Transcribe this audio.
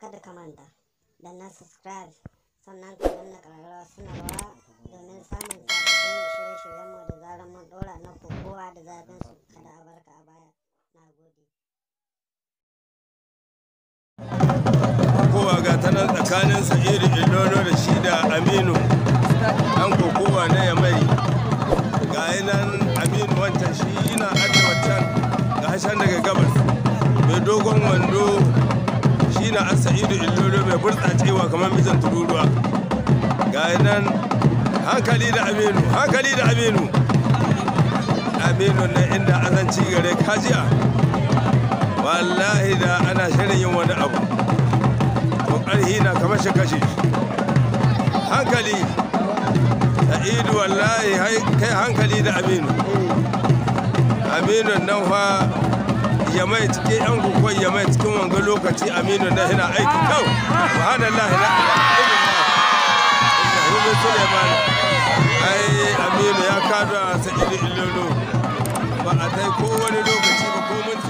kada ka manta da na subscribe sannan ka danna suna sanarwa domin samun sababbin shirye-shiryenmu da zarar mun ɗora na kokowa da zafinsu su kada a barka a baya na gode kowa ga ta tsakanin tsakanin iri ilono da shi da aminu an kokowa na yamai ga nan aminu wancan shi yana ajiye wancan ga hashen daga gabas mai dogon wando shi na sa'idu illolo mai burtsacewa kamar mijin tururuwa ga nan hankali da aminu hankali da aminu aminu inda gare kajiya wallahi da ana shirin yin wani abu na kamar shi kashe hankali sa'idu wallahi kai hankali da aminu aminu nan fa yamai cikin yan guguwar yamai cikin wanga lokaci aminu na hina aiki kau subhanallahi la ilaha suleiman ai aminu ya kada sa ililolo ba a kai ko wani lokaci ba ko mun